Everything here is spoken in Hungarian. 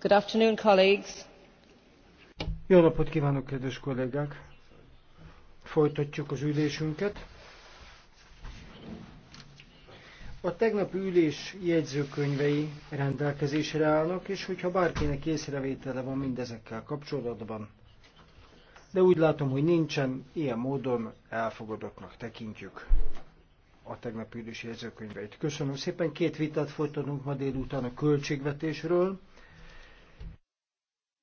Good afternoon, colleagues. Jó napot kívánok, kedves kollégák! Folytatjuk az ülésünket. A tegnapi ülés jegyzőkönyvei rendelkezésre állnak, és hogyha bárkinek észrevétele van mindezekkel kapcsolatban, de úgy látom, hogy nincsen, ilyen módon elfogadottnak tekintjük a tegnapi ülés jegyzőkönyveit. Köszönöm szépen, két vitát folytatunk ma délután a költségvetésről,